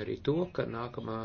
arī to, ka nākamā